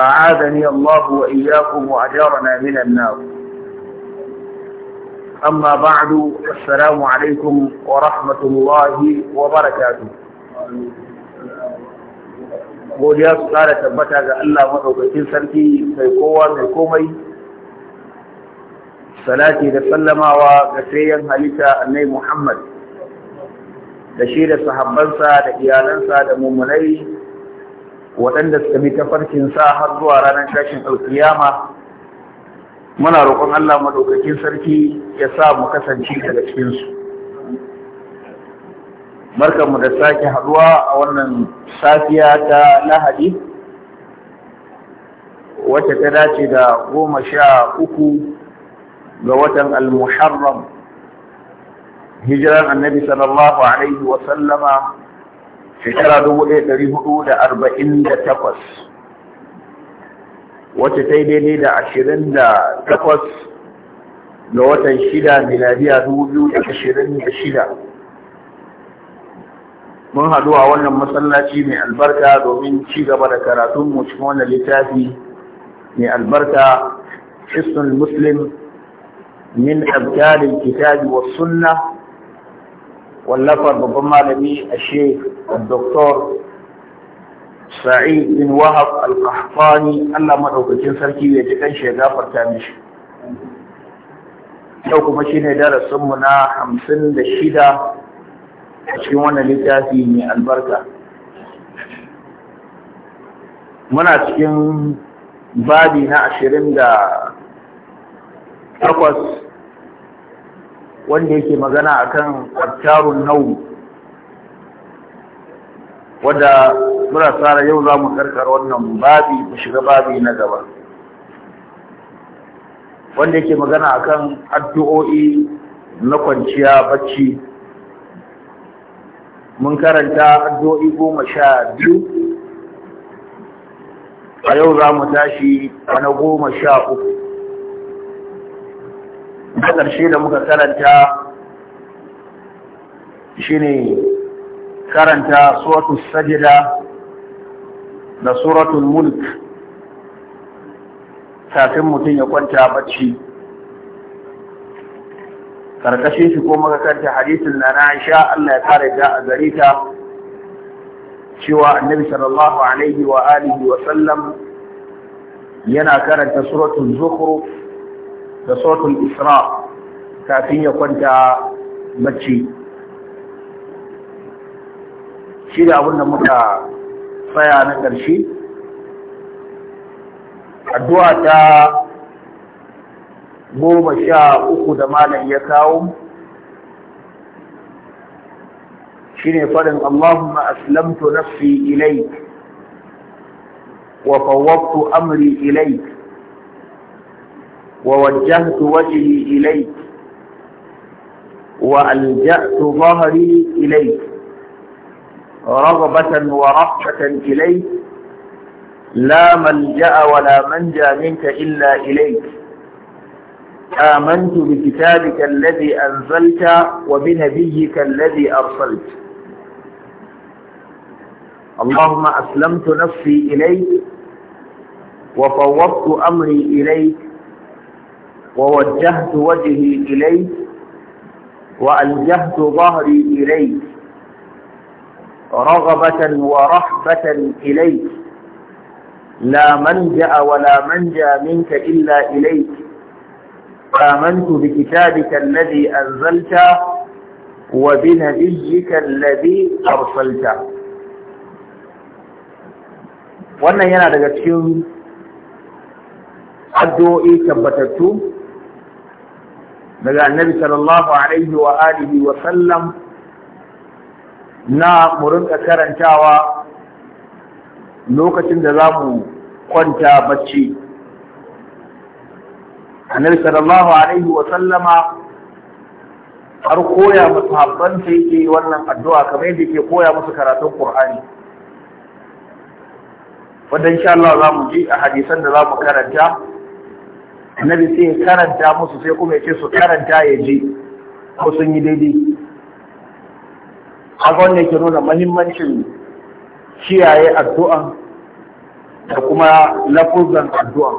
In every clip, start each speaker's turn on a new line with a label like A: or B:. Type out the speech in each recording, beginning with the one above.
A: أعاذني الله وإياكم وأجارنا من النار أما بعد السلام عليكم ورحمة الله وبركاته godiya su ƙara tabbata ga Allah maɗaukakin sarki mai kowa mai komai salati da sallamawa ga sayan halitta annai Muhammad da shi da sahabbansa da iyalansa da mummunai waɗanda suka bi farkin sa har zuwa ranar tashin alkiyama muna roƙon Allah madaukakin sarki ya sa mu kasance daga cikin su barkanmu da sake haɗuwa a wannan safiya ta Lahadi wacce ta dace da goma sha uku ga watan al-Muharram hijiran annabi sallallahu alaihi wa shekara dubu ɗaya ɗari hudu da arba'in da takwas wacce ta yi daidai da ashirin da takwas ga watan shida miladiya dubu biyu da ashirin da shida mun haɗu a wannan masallaci mai albarka domin ci gaba da karatun mu cikin wannan littafi mai albarka hisnul muslim min abdalin kitabi wa sunna wallafar babban malami a sheik doktor sa'id bin wahab al-qahtani Allah madaukakin sarki ya ji kan shi gafarta mishi yau kuma shine darasin mu na shida, a cikin wannan littafi mai albarka muna cikin babi na 28 wanda yake magana akan abtarun nau wadda mura tsara yau za mu karkar wannan babi mu shiga babi na gaba wanda yake magana akan addu'o'i na kwanciya bacci mun karanta addu'o'i goma sha biyu a yau za mu tashi a na goma sha uku ta ƙarshe da muka karanta shine karanta suratul sajda da suratul mulk kafin mutum ya kwanta bacci karkashin shi ko muka karanta hadisin na na sha, Allah ya fara ta a gare ta cewa annabi sallallahu alaihi wa alihi wa sallam yana karanta suratul zukhruf da sautin isra kafin ya kwanta bacci shi da abin da muka tsaya na ƙarshe addu'a ta goma sha uku da malam ya kawo shi ne faɗin Allahumma aslamtu nafsi ilaik wa fawwaktu amri ilaik ووجهت وجهي إليك وألجأت ظهري إليك رغبة ورحمة إليك لا ملجأ ولا منجى منك إلا إليك آمنت بكتابك الذي أنزلت وبنبيك الذي أرسلت اللهم أسلمت نفسي إليك وفوضت أمري إليك ووجهت وجهي إليه وألجهت ظهري إليه رغبة ورحبة إليك لا منجأ ولا منجا منك إلا إليك آمنت بكتابك الذي أنزلت وبنبيك الذي أرسلت وأنا هنا daga cikin addu'o'i كبتتو daga annabi sallallahu alaihi wa alihi wa sallam na mu rinka karantawa lokacin da za mu kwanta bacci annabi sallallahu alaihi wa sallama har koya musu habban ta yake wannan addu'a kamar yadda yake koya musu karatun Qur'ani wanda insha Allah za mu ji a hadisan da za mu karanta annabi sai ya karanta musu sai kuma ya ce su karanta ya ji ko sun yi daidai haka wanda yake nuna mahimmancin kiyaye addu'a da kuma lafuzan addu'a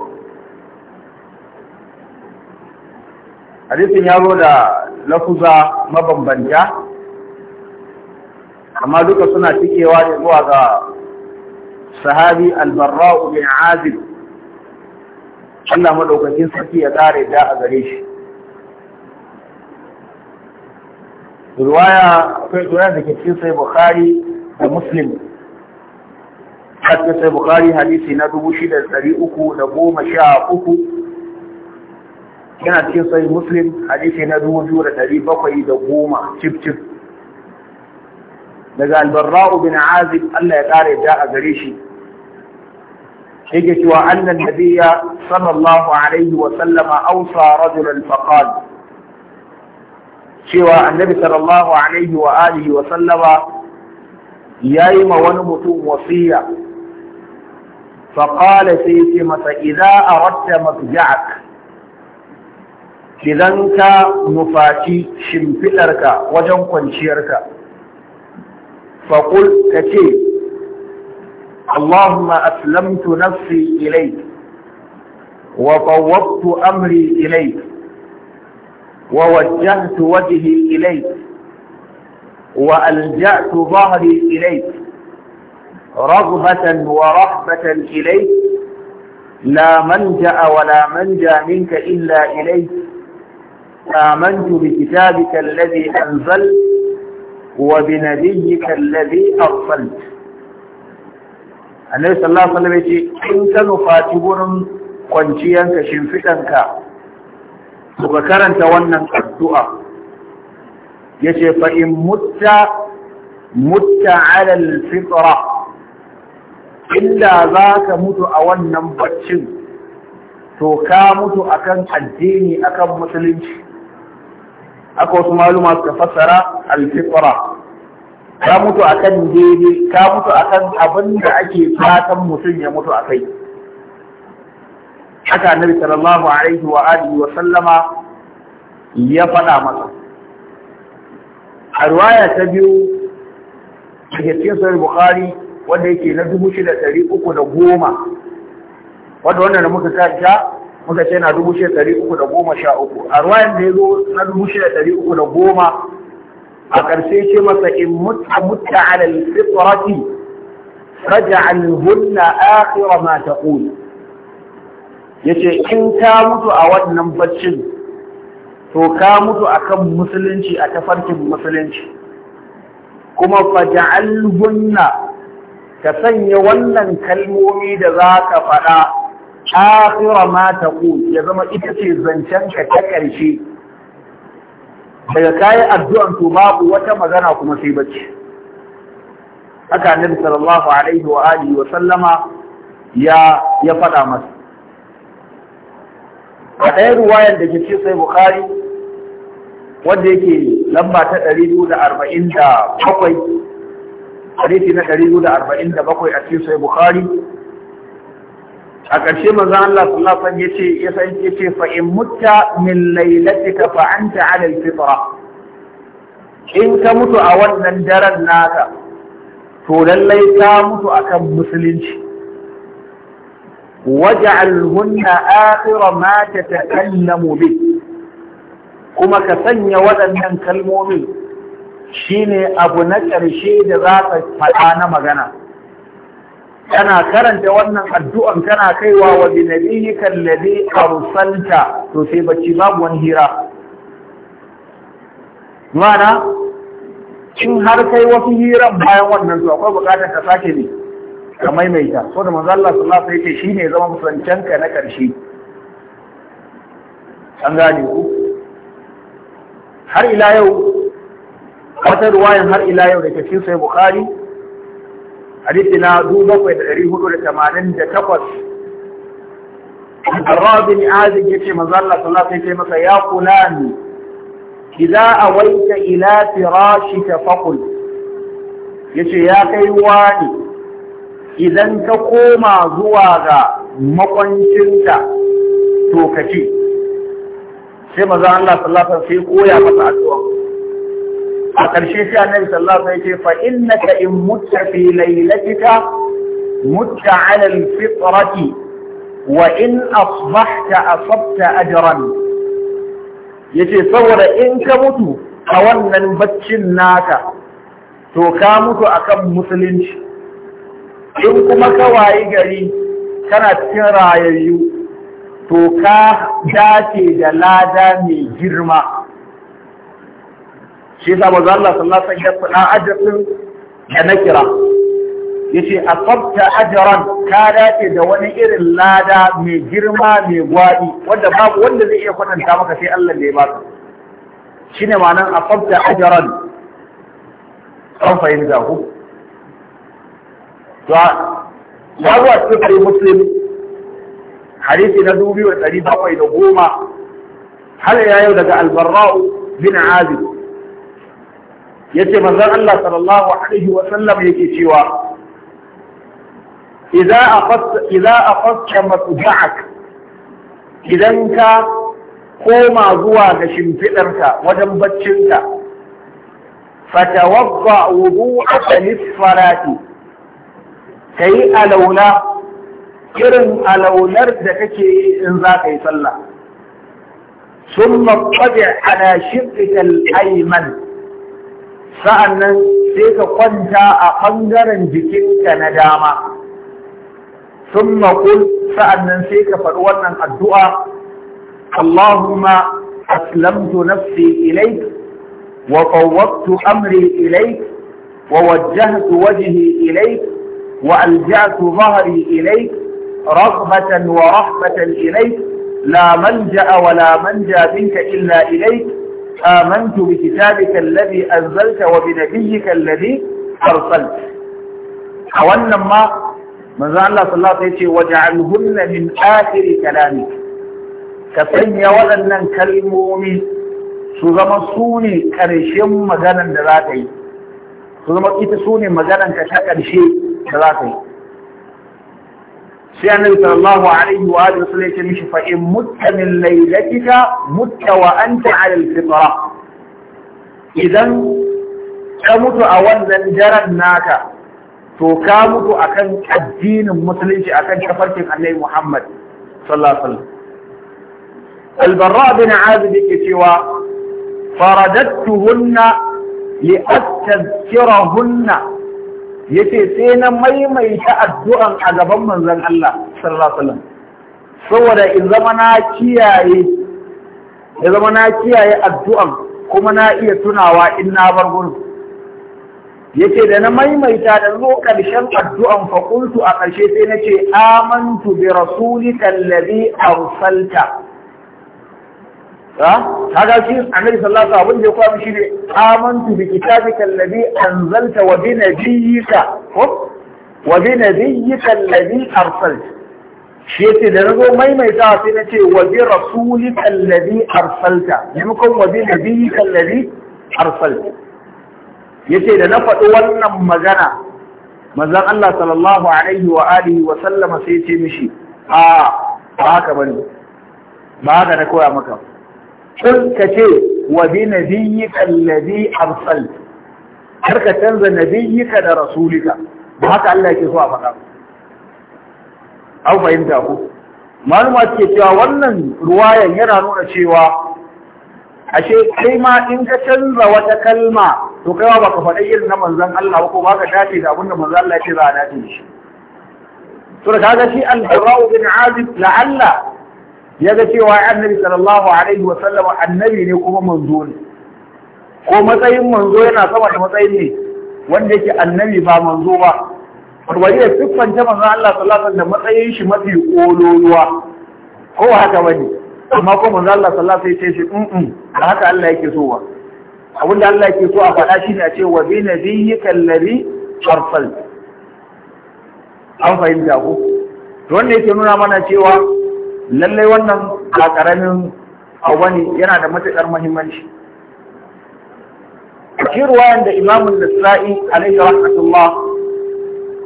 A: hadisin ya zo da lafuza mabambanta amma duka suna cikewa ne zuwa ga sahabi albarra'u bin azib Allah madaukakin sarki ya kare da a gare shi Ruwaya akwai ruwaya da ke cikin sai bukhari da muslim hatta sai bukhari hadisi na dubu shida da ɗari uku da goma sha uku yana cikin sai muslim hadisi na dubu biyu da ɗari bakwai da goma cif cif daga albarra'u bin azib Allah ya kare da a gare shi yake cewa annan nabiyya sallallahu alaihi wa sallama ausa rajulan faqal cewa annabi sallallahu alaihi wa alihi wa sallama yayi ma wani mutum wasiya faqala sai yace masa idza aradta mafja'ak idan ka nufaci shimfidarka wajen kwanciyarka faqul kace اللهم أسلمت نفسي إليك وفوضت أمري إليك ووجهت وجهي إليك وألجأت ظهري إليك رغبة ورحبة إليك لا منجأ ولا منجا منك إلا إليك آمنت بكتابك الذي أنزلت وبنبيك الذي أرسلت annabi sallallahu alaihi wasallam ya ce in ka nufaci gurin kwanciyanka shimfiɗanka to ka karanta wannan addu'a ya ce fa in mutta mutta ala alfitra illa za ka mutu a wannan baccin to ka mutu akan addini akan musulunci aka wasu maluma suka fassara alfitra ka mutu kan daidai ka mutu kan abin da ake fatan mutum ya mutu a kai haka nabi sallallahu alaihi wa alihi wa sallama ya faɗa masa a riwaya ta biyu a cikin sahih bukhari wanda yake na dubu shida uku da goma wanda wannan da muka sa muka ce na dubu shida uku da goma sha uku a ruwayan da ya na dubu shida uku da goma a ƙarshe ce masa in mutta mutta ala alfitrati hunna akhira ma taqul yace in ka mutu a wannan baccin to ka mutu akan musulunci a tafarkin musulunci kuma faj'alhunna ka sanya wannan kalmomi da za ka faɗa akhira ma taqul ya zama ita ce zancenka ta ƙarshe daga kayan addu'an to babu wata magana kuma sai bacci haka nan, sallallahu alaihi wa alihi wa sallama ya faɗa masa a ɗaya ruwayan da ke ce sai bukhari wanda yake lamba ta 247 hadisi na 247 a cikin sai bukhari a ƙarshe maza Allah sallallahu alaihi yace ya san yace fa in mutta min lailatika fa anta ala al-fitra in ka mutu a wannan daren naka to lallai ka mutu akan musulunci waj'alhunna akhir ma tatakallamu bi kuma ka sanya waɗannan kalmomin shine abu na ƙarshe da za ka faɗa na magana kana karanta wannan addu'an kana kaiwa wa bi nabiyyika alladhi arsalta to sai bacci babu wani hira mana kin har kai wasu hiran bayan wannan to akwai bukatar ka sake ne ka maimaita so da manzo Allah sallallahu alaihi wasallam shine zama musancen ka na karshe an gane ku har ila yau wata ruwayan har ila yau da ke cikin sai bukhari hadisi na 7488 الرابع عازق يتي من ظل صلى الله عليه وسلم يا فلان إذا أويت إلى فراشك فقل يتي يا كيواني إذا تقوم زواغا مقنشنك توكتي sai maza Allah sallallahu alaihi wasallam sai koya masa addu'a a ƙarshe sai annabi sallallahu alaihi wasallam ya ce fa innaka in mutta fi lailatika mutta ala alfitrati wa in asbahta asabta ajran yace saboda in ka mutu a wannan baccin naka to ka mutu akan musulunci in kuma ka wayi gari kana cikin rayayyu to ka dace da lada mai girma shi yasa manzo Allah sallallahu alaihi wasallam ya faɗa kira. Ya ce a asabta ajran ka dace da wani irin lada mai girma mai gwadi wanda babu wanda zai iya kwatanta maka sai Allah ne da ya baka shine ma'anar asabta ajran an fahimta ku to ya zuwa cikin muslim hadisi na dubi wa ɗari bakwai da goma hal ya yau daga albarra'u bin azib yace manzon Allah sallallahu alaihi wa sallam yake cewa idza afasta idza afasta masja'ak idan ka koma zuwa ga shimfidarka wajen baccinka fatawadda wudu'aka lis-salati kai alaula irin alaunar da kake yi in za ka yi sallah ثم اطلع على شقك الايمن sa'annan sai ka kwanta a ɓangaren jikinka na dama sun maƙul sa'annan sai ka faɗi wannan addu'a Allahumma aslamtu nafsi ilayk wa qawwabtu amri ilayk wa wajjahtu wajhi ilayk wa alja'tu dhahri ilayk ilaik رغبة ورحمة إليك لا منجأ ولا منجا منك إلا إليك آمنت بكتابك الذي أنزلت وبنبيك الذي أرسلت أولا ما من ذا الله صلى الله عليه وسلم وجعلهن من آخر كلامك كفن ولن كلمومي سوزما سوني كرشم مغانا دراتي سوزما إتسوني مغانا كشاكا شيء دراتي sai annabi sallallahu alaihi wa alihi wasallam ya mishi fa in mutta min lailatika mutta wa anta ala al-fitra idan ka mutu a wannan daren naka to ka mutu akan addinin musulunci akan tafarkin annabi Muhammad sallallahu alaihi wasallam البراء بن عازب كتوى فرددتهن لأستذكرهن yace sai na maimaita addu'an a gaban manzon Allah sallallahu alaihi saboda in zama na kiyaye ya zama na kiyaye addu'an kuma na iya tunawa in na bar gurin yace da na maimaita da zo ƙarshen addu'an fa a ƙarshe, sai nace amantu bi rasulika alladhi arsalta kaga shi annabi sallallahu alaihi wasallam ya kwabi shi ne amantu bi kitabika alladhi anzalta wa bi nabiyyika ko wa bi nabiyyika alladhi arsalta shi yace da nazo maimaita sai na ce wa bi rasulika alladhi arsalta maimakon wa bi nabiyyika alladhi arsalta yace da na faɗi wannan magana manzon Allah sallallahu alaihi wa alihi wa sallama sai ya ce mishi a ba haka bane ba haka na koya maka Kun ka ce wa bi nabiyyika kallabi arsal kar ka canza ka da rasulika ba haka Allah ke so a faɗa an fahimta ku maluma ke cewa wannan ruwayan yana nuna cewa ashe kai ma in ka canza wata kalma to kai ba ka faɗa irin na manzon Allah ba ko ba ka dace da abinda manzon Allah ya ce za a dace da shi Sura ta ga shi al-Harra'u bin Azib la'alla ya ga cewa annabi sallallahu alaihi wa sallam annabi ne kuma manzo ne ko matsayin manzo yana sama da matsayin ne wanda yake annabi ba manzo ba warware siffan ta manzo Allah sallallahu alaihi da matsayin shi mafi kololuwa ko haka bane amma ko manzo Allah sallallahu alaihi wasallam sai ce mm ba haka Allah yake so ba abinda Allah yake so a faɗa ne a ce wa bi nabiyyika allazi arsal an fahimta ko to wanda yake nuna mana cewa lallai wannan a ƙaramin wani yana da matuƙar muhimmanci a cikin ruwayan da imamun lissa'i alaihi rahmatullah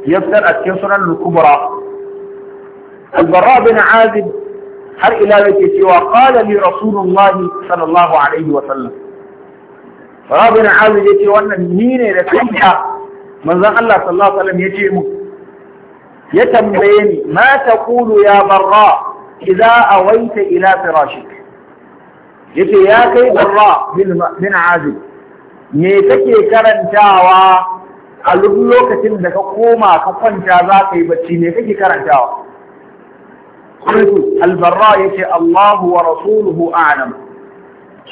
A: ya fitar a cikin sunan lukubra البراء بن عازب har ila yake cewa qala li rasulullah sallallahu alaihi wa sallam rabin azib ce wannan ni ne da kanta manzan Allah sallallahu alaihi wasallam yace mu ya tambaye ni ma taqulu ya barra idza awaita ila firashik yace ya kai barra min azib me kake karantawa a lokacin da ka koma ka kwanta za ka yi bacci me kake karantawa kullu albarra yace Allahu wa rasuluhu a'lam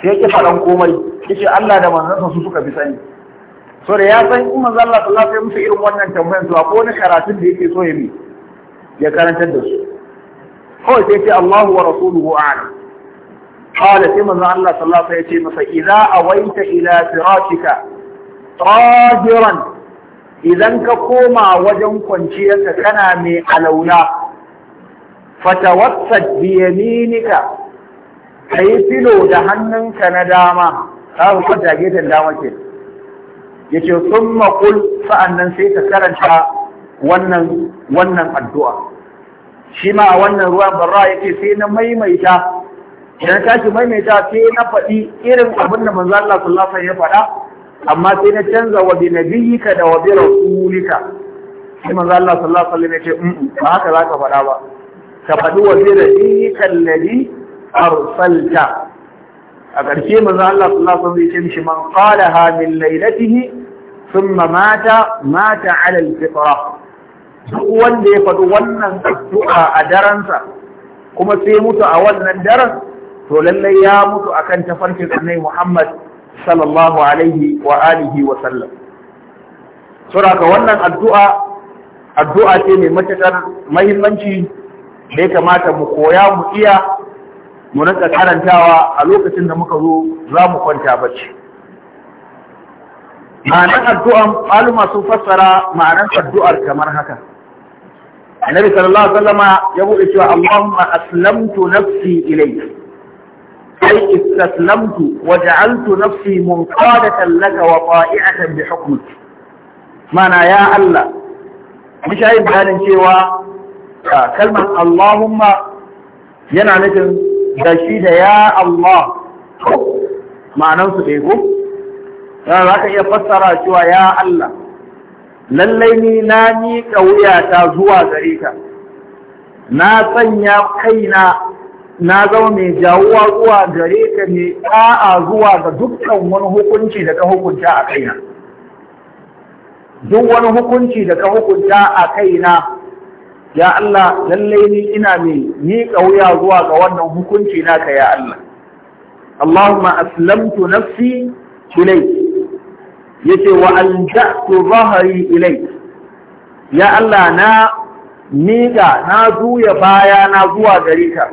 A: sai ki faɗan komai ce Allah da manzansa su suka fi sani so da ya san in manzo Allah sallallahu alaihi irin wannan tambayar to akwai wani karatun da yake so ya bi ya karantar da su kawai sai ce allah wa rasuluhu a'lam قال سيما الله صلى الله عليه وسلم فإذا أويت إلى فراشك طاهرا idan ka koma wajen kwanciyarka kana mai alauna fatawassat bi yaminika kai filo da hannunka na dama ka kwanta gefen dama ke yace summa qul sa'annan sai ka karanta wannan wannan addu'a shi ma a wannan ruwan barra yake sai na maimaita idan tashi maimaita sai na faɗi irin abin da manzo Allah sallallahu alaihi ya faɗa amma sai na canza wa bi nabiyyika da wa bi rasulika sai manzo Allah sallallahu alaihi ya ce ba haka zaka faɗa ba ka faɗi wa bi nabiyyika alladhi arsalta a ƙarshe manzo Allah sallallahu alaihi ya ce mishi man qalaha min lailatihi thumma mata mata ala al-fitra duk wanda ya faɗi wannan addu'a a daransa kuma sai mutu a wannan daren to lallai ya mutu akan tafarkin annabi Muhammad sallallahu alaihi wa alihi wa sallam saboda wannan addu'a addu'a ce mai matakar muhimmanci da ya kamata mu koya mu iya mu rinka karantawa a lokacin da muka zo za mu kwanta bacci ma'anar addu'a, maluma sun fassara ma'anar addu'ar kamar haka annabi sallallahu alaihi wasallama ya buɗe cewa Allahumma aslamtu nafsi ilayka ai istaslamtu wa ja'altu nafsi munqadatan laka wa ta'i'atan bi hukmik mana ya Allah mun shayi bayanin cewa kalmar Allahumma yana nufin da shi da ya Allah ma'anansu ɗaya ko? Yana za ka iya fassara cewa ya Allah lallai ni na miƙa ta zuwa gare ka na sanya kaina na zama mai jawuwa zuwa gare ka ne ɗa'a zuwa ga dukkan wani hukunci da ka hukunta a kaina duk wani hukunci da ka hukunta a kaina ya Allah lallai ni ina mai miƙa wuya zuwa ga wannan hukunci naka ya Allah Allahumma aslamtu nafsi ilayk yace wa alja'tu zahri ilayk ya Allah na miƙa na juya baya na zuwa gare ka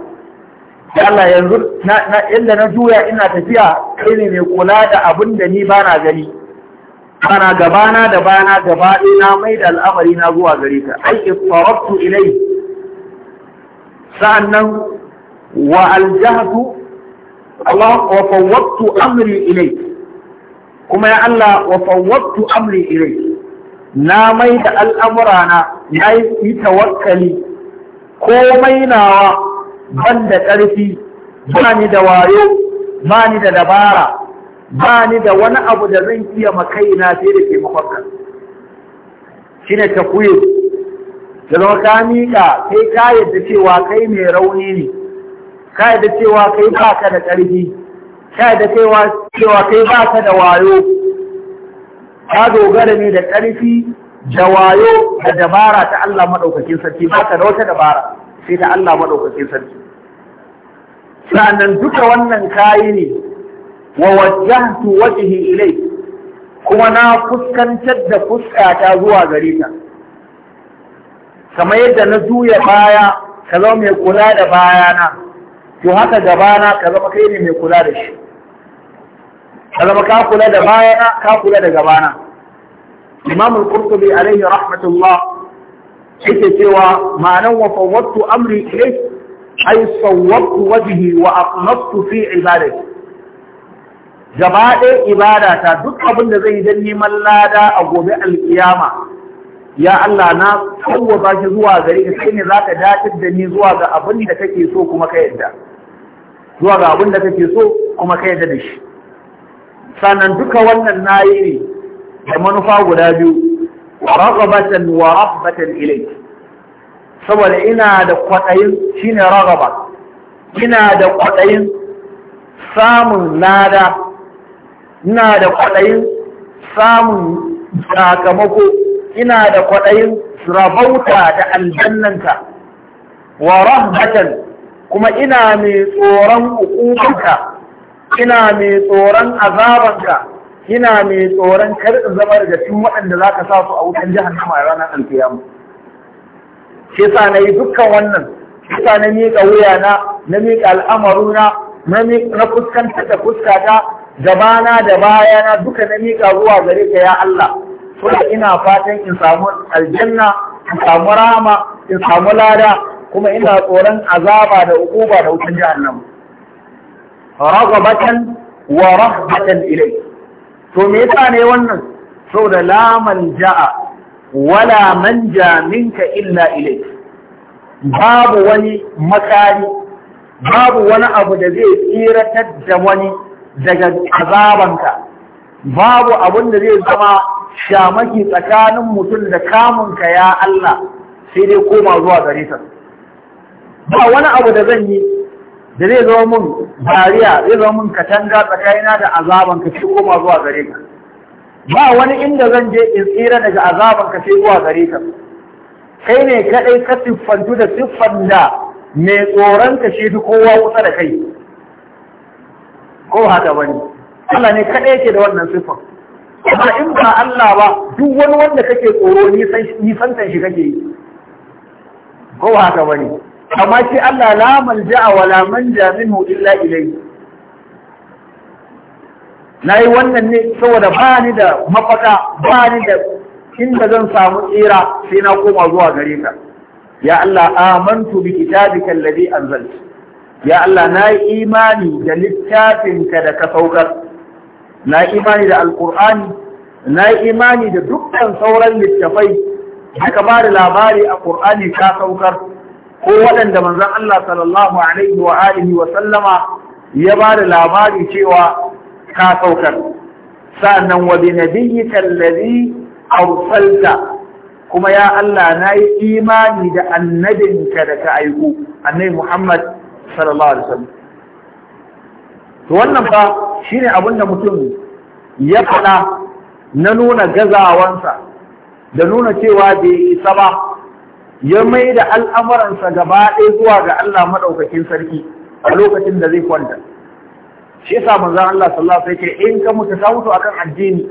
A: ya Allah yanzu na inda na juya ina tafiya kai ne mai kula da abin da ni bana gani bana gabana da bana gaba na mai da al'amari na zuwa gare ka ai istarabtu ilai sa'annan wa aljahtu Allah wa fawwattu amri ilai kuma ya Allah wa fawwattu amri ilayk na mai da al'amurana na yi tawakkali komai nawa ban da ƙarfi ba ni da wayo ba ni da dabara ba ni da wani abu da zan iya makaina sai da ke mafarka shi ne ta kuyi da zama ka miƙa kai ka yadda cewa kai mai rauni ne ka yadda cewa kai ba da ƙarfi ka da cewa cewa kai ba ka da wayo ka dogara ne da ƙarfi da wayo da dabara ta Allah maɗaukakin sarki ba ka da wata dabara sai ta Allah maɗaukakin sarki Sannan duka wannan kayi ne wa wajjahtu wajhi ilai kuma na fuskantar da fuskata zuwa gare ta kamar yadda na zuya baya ka zama mai kula da bayana to haka gabana ka zama kai ne mai kula da shi zama ka kula da bayana ka kula da gabana imam al-qurtubi alaihi rahmatullah yake cewa ma'anan wa fawwattu amri ilayk ay sawwattu wajhi wa aqnastu fi ibadati gaba ɗaya ibada ta duk abin da zai dan neman lada a gobe alkiyama ya Allah na kawwaba shi zuwa gare ka kai ne za ka dace da ni zuwa ga abin da kake so kuma ka yadda zuwa ga abin da kake so kuma ka yadda da shi sannan duka wannan nayi ne da manufa guda biyu ragabatan wa rabbatan ilayk saboda ina da kwadayin shine ragaba ina da kwadayin samun lada ina da kwadayin samun sakamako ina da kwaɗayin rabauta da aljannanka wa rabbatan kuma ina mai tsoron hukumarka. ina mai tsoron azabanka ina mai tsoron kar in zama daga cikin waɗanda za ka sa su a wutan jihar jahannama a ranar alkiyama shi sa na yi dukkan wannan shi sa na miƙa wuyana na miƙa al'amaruna na kuskanta da fuskata gabana da bayana duka na miƙa zuwa gare ka ya Allah saboda ina fatan in samu aljanna in samu rama in samu lada kuma ina tsoron azaba da ukuba da wutan jihar jahannama ragabatan wa rahmatan ilai to me yasa ne wannan saboda la ja'a wala manja minka illa ilai babu wani makari babu wani abu da zai tsiratar da wani daga azabanka babu abin da zai zama shamaki tsakanin mutum da kamunka ya Allah sai dai koma zuwa gare ta ba wani abu da zan yi da zai zama mun bariya zai zama mun katanga tsakanina da azaban ka cikin goma zuwa gare ka ba wani inda zan je in tsira daga azaban ka sai zuwa gare ka kai ne kadai ka siffantu da siffan da mai tsoron ka shi kowa kusa da kai ko haka bane Allah ne kadai yake da wannan siffan amma in ba Allah ba duk wani wanda kake tsoro nisan shi kake yi ko haka bane amma shi Allah la malja'a wala manja minhu illa ilayhi nayi wannan ne saboda ba ni da mafaka ba ni da inda zan samu tsira sai na koma zuwa gare ka ya Allah amantu bi kitabika alladhi anzalta ya Allah yi imani da littafinka da ka saukar yi imani da alqur'ani nayi imani da dukkan sauran littafai haka ba da labari a qur'ani ka saukar ko waɗanda manzon Allah sallallahu alaihi wa alihi wa sallama ya ba da labari cewa ka saukar sa'annan wa bi nabiyyika alladhi arsalta kuma ya Allah na yi imani da annabinka da ka aiko annabi Muhammad sallallahu alaihi wasallam to wannan fa shine abin da mutum ya faɗa na nuna gazawansa da nuna cewa bai isa ba ya mai da al'amuransa gaba ɗaya zuwa ga Allah maɗaukakin sarki a lokacin da zai kwanta. Shi yasa manzon Allah sallallahu alaihi wasallam in ka mutu ka mutu akan addini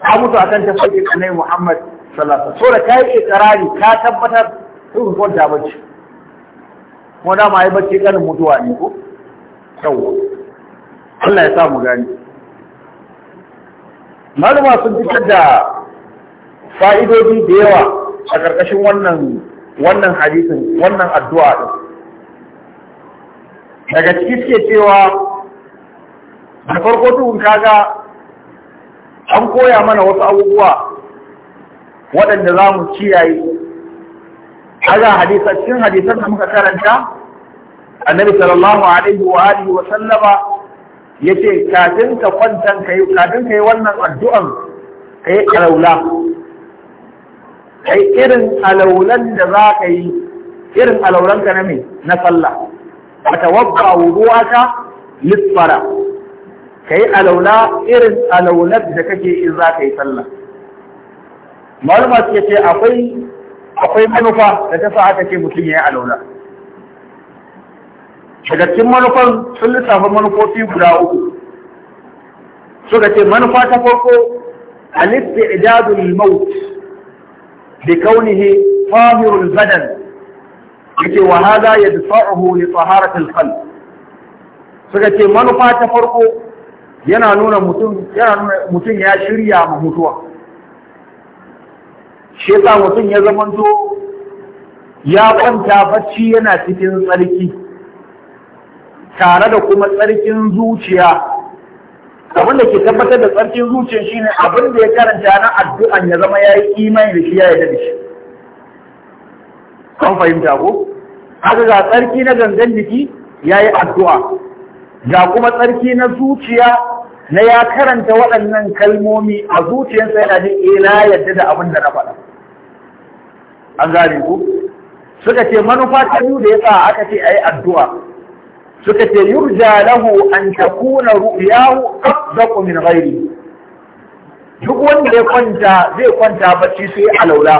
A: ka mutu akan tafarkin Annabi Muhammad sallallahu alaihi wasallam. So da kai ikrari ka tabbatar sun ka kwanta bacci. Kuma dama ai bacci kanin mutuwa ne ko? Yawwa. Allah ya sa mu gani. Malama sun fitar da fa'idodi da yawa a ƙarƙashin wannan wannan hadisin wannan addu'a ɗin daga ciki suke cewa da farko tukun kaga an koya mana wasu abubuwa waɗanda za mu kiyaye kaga hadisa cikin hadisan da muka karanta annabi sallallahu alaihi wa alihi wa sallama yace kafin ka kwanta kai kafin kai wannan addu'an kai alaula kai irin alaulan da za ka yi irin alaulan ka na me na sallah ka tawabba wudu'aka lisfara kai alaula irin alaular da kake in za ka yi sallah malama suke ce akwai akwai manufa da ta sa aka ce mutum ya yi alaula daga cikin manufan sun lissafa manufofi guda uku suka ce manufa ta farko al-istidadul maut bi kaunihi tahirul badan yake wa hada yadfa'uhu li tsahara al-qalb suka ce manufa ta farko yana nuna mutum yana nuna mutum ya shirya ma mutuwa shi mutum ya zamanto ya kwanta bacci yana cikin tsarki tare da kuma tsarkin zuciya abin da ke tabbatar da tsarkin zuciyar shine abin da ya karanta na addu'an ya zama ya yi imani da shi ya yi shi kan fahimta ko haka ga tsarki na gangan jiki ya yi addu'a ga kuma tsarki na zuciya na ya karanta waɗannan kalmomi a zuciyarsa yana jin ila eh, yadda da abin da na faɗa an gane ku suka ce manufa ta biyu da ya sa aka ce a yi addu'a suka ce yurja lahu an takuna ru'yahu afdaqu min ghairi duk wanda ya kwanta zai kwanta bacci sai alaula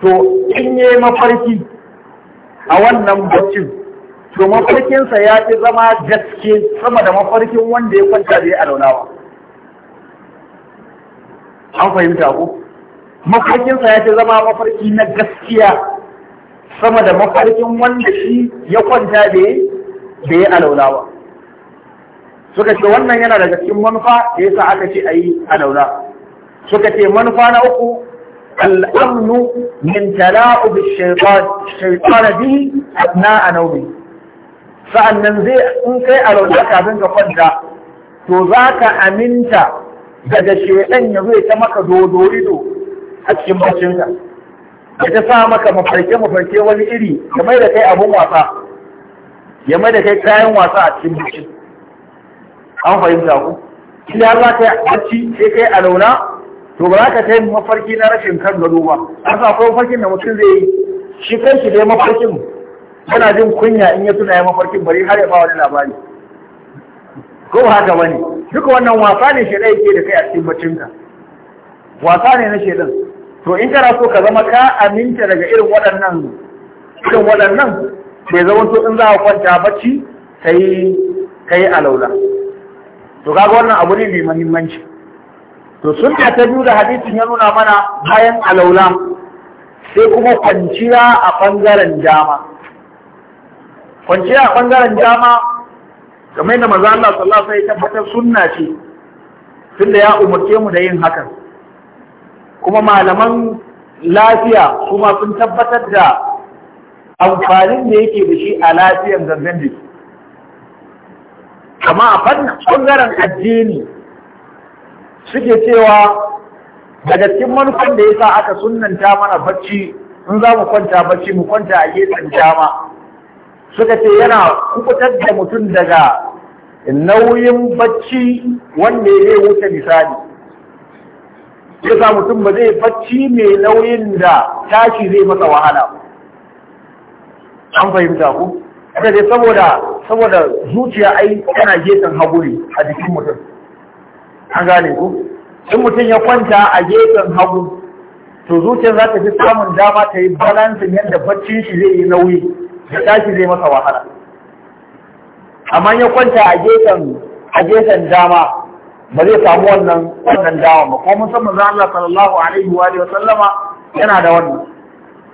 A: to in yi mafarki a wannan baccin to mafarkinsa ya fi zama gaske sama da mafarkin wanda ya kwanta zai alaula ba an fahimta ku mafarkinsa ya fi zama mafarki na gaskiya sama da mafarkin wanda shi ya kwanta bai da ya alaulawa suka ce wannan yana daga cikin manufa da sa aka ce ayi alaula suka ce manufa na uku الأمن من تلاعب الشيطان الشيطان به أثناء نومه فأنن زي إنك ألو لك أبنك قد تذاك aminta daga shedan ya zai ta maka dodorido a cikin ka. ya ta sa maka mafarke mafarke wani iri ya mai da kai abun wasa ya mai da kai kayan wasa a cikin bishi an fahimta ku shi har za ka yi aci sai kai a launa to ba za ka kai mafarki na rashin kan gado ba an sa akwai mafarkin da mutum zai yi shi shi dai mafarkin yana jin kunya in ya tuna ya mafarkin bari har ya ba wani labari ko ba haka bane duka wannan wasa ne shi yake da kai a cikin bacinka wasa ne na shedan to in kana so ka zama ka aminta daga irin waɗannan irin waɗannan bai zama to in za a kwanta bacci kai kai alaula to kaga wannan abu ne mai muhimmanci to sunna ta biyu da hadisin ya nuna mana bayan alaula sai kuma kwanciya a bangaren dama kwanciya a bangaren dama kamar yadda maza Allah sallallahu alaihi wasallam ya tabbatar sunna ce tunda ya umarce mu da yin hakan kuma malaman lafiya kuma sun tabbatar da amfanin da yake da shi a lafiyan gangan jiki kama a fangaren addini suke cewa daga cikin manufan da ya sa aka sunanta mana bacci in za mu kwanta bacci mu kwanta a gefen dama suka ce yana kubutar da mutum daga nauyin bacci wanda ya wuce misali ya sa mutum ba zai bacci mai nauyin da tashi zai masa wahala an fahimta ku kada dai saboda saboda zuciya ai yana gefen haguri a jikin mutum an gane ku in mutum ya kwanta a gefen hagu to zuciyar za ta fi samun dama ta yi balansin yadda baccin shi zai yi nauyi da tashi zai masa wahala amma ya kwanta a gefen a gefen dama ba zai samu wannan wannan dawa ba kuma mun san Allah sallallahu alaihi wa sallama yana da wannan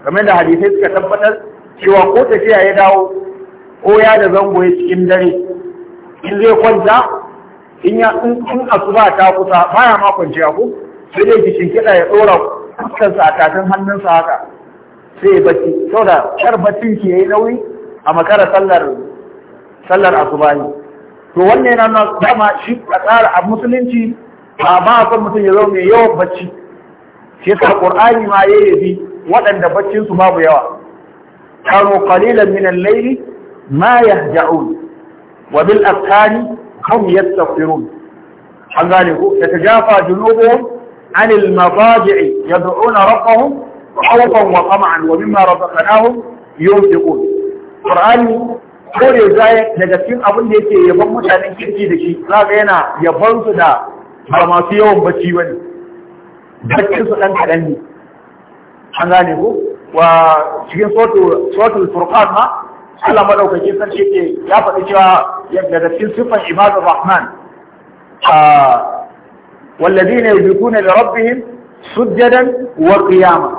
A: kamar da hadisai suka tabbatar cewa ko tafiya ya dawo ko ya da zango ya cikin dare in zai kwanta in ya in asuba ta kusa baya ma kwanciya ko sai dai ki kida ya dora kansa a tatan hannunsa haka sai ya bacci saboda kar baccin ki yayi nauyi a makara sallar sallar asuba ne to wannan yana nuna dama shi a tsara a musulunci ba ba ko mutum ya zo mai yawan bacci shi yasa qur'ani ma yayi bi wadanda baccin su babu yawa kanu qalilan min al-layli ma yahja'un wa bil afkani hum yastaghfirun an gane ko yatajafa junubuhum عن المضاجع يدعون ربهم خوفا وطمعا ومما رزقناهم yunfiqun qur'ani kore zai daga cikin abin da yake yaban mutanen kirki da shi za ga yana yaban su da ba masu yawan bacci wani. baccin su dan kadan ne an gane ko wa cikin sotul furqan ma Allah madaukakin sarki yake ya faɗi cewa daga cikin sifan ibadur rahman ah walladina yubikuna li rabbihim sujjadan wa qiyama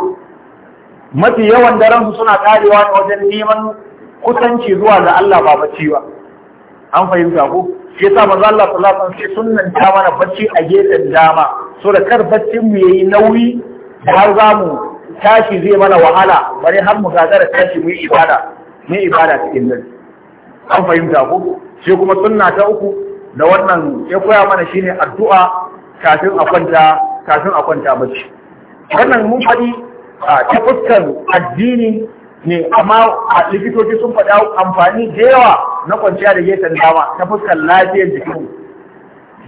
A: mafi yawan daren su suna karewa ne wajen neman kusanci zuwa da Allah ba bacci ba an fahimta ko shi yasa manzo Allah sallallahu alaihi wasallam sunnan ta mana bacci a gefen dama so da kar baccin mu yayi nauyi har za mu tashi zai mana wahala bari har mu gagara tashi mu yi ibada mu yi ibada cikin nan. an fahimta ko shi kuma sunna ta uku da wannan ya koya mana shine addu'a kafin a kwanta kafin a kwanta bacci wannan mun faɗi ta fuskar addini ne amma likitoci sun faɗa amfani da yawa na kwanciya da gefen dama ta fuskar lafiyar jikin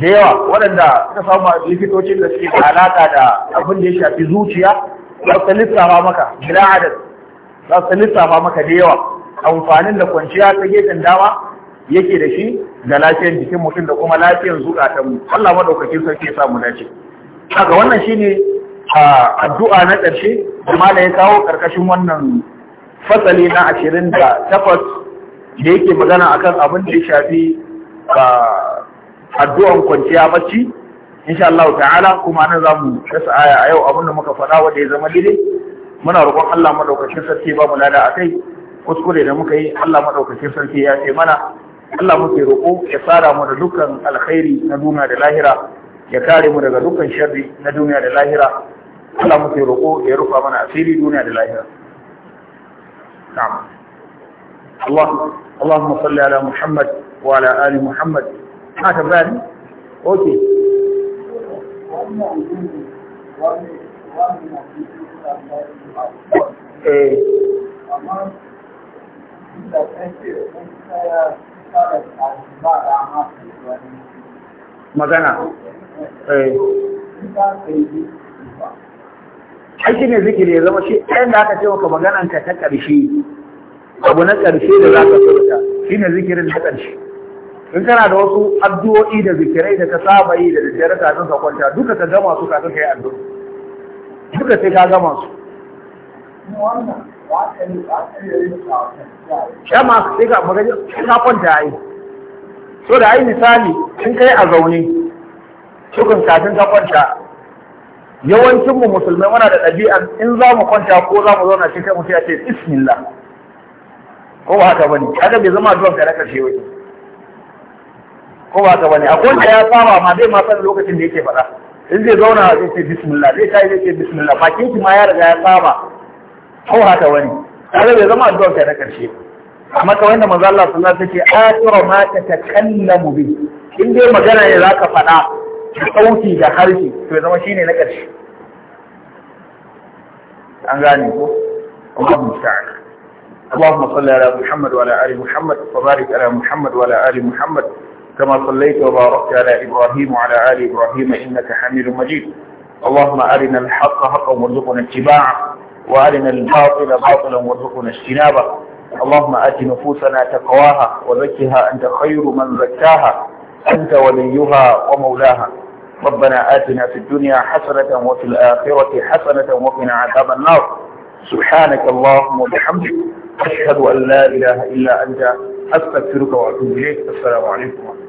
A: da yawa waɗanda suka samu a likitocin da suke da alaƙa da abin da ya shafi zuciya za su lissafa maka bila adad za su lissafa maka da yawa amfanin da kwanciya ta gefen dama yake da shi da lafiyar jikin mutum da kuma lafiyar zuƙatan mu Allah madaukakin sarki ya samu dace kaga wannan shine addu'a na ƙarshe da ya kawo ƙarƙashin wannan fasali na ashirin da takwas da yake magana akan abin da ya shafi addu'an kwanciya bacci insha Allah ta'ala kuma nan zamu kasa aya a yau abin da muka faɗa wanda ya zama dide. muna roƙon Allah madaukakin sarki ba mu lada akai kuskure da muka yi Allah madaukakin sarki ya ce mana Allah muke roƙo ya tsara mu da dukkan alkhairi na duniya da lahira ya kare mu daga dukkan sharri na duniya da lahira Allah muke roƙo ya rufa mana asiri duniya da lahira نعم الله اللهم صل على محمد وعلى آل محمد ما تبالي أوكي إيه magana Aiki ne zikiri ya zama shi ɗayan da aka ce maka maganan ta ƙarshe abu na ƙarshe da za ka furta shine zikirin na ƙarshe in kana da wasu addu'o'i da zikirai da ka saba yi da daddare kafin ka kwanta duka ka gama su kafin ka yi addu'a duka sai ka gama su shama sai ka magaji ka kwanta yi. so da ai misali in kai a zaune cikin kafin ka kwanta yawancin mu musulmai muna da ɗabi'an in za mu kwanta ko za mu zauna cikin mutum ya ce bismillah ko ba haka bane kaga bai zama addu'an ka na karshe wai ko ba haka bane akwai wanda ya saba ma zai ma san lokacin da yake faɗa in zai zauna zai ce bismillah zai kai zai ce bismillah bakin shi ma ya riga ya saba ko ba haka bane kaga bai zama addu'an ka na karshe amma kawai da manzo Allah sallallahu alaihi wasallam yake akira ma tatakallamu bi in dai magana ne zaka faɗa sauti da harshe to zama shi ne na ƙarshe an gane ko Allahumma sta'ala Allahumma salli ala Muhammad wa ala ali Muhammad wa barik ala Muhammad wa ala ali Muhammad kama sallaita wa barakta ala Ibrahim wa ala ali wa arina al-batila batilan warzuqna wa zakkiha anta khayru man zakkaha أنت وليها ومولاها ربنا آتنا في الدنيا حسنة وفي الآخرة حسنة وقنا عذاب النار سبحانك اللهم وبحمدك أشهد أن لا إله إلا أنت أستغفرك وأتوب إليك السلام عليكم ورحمة الله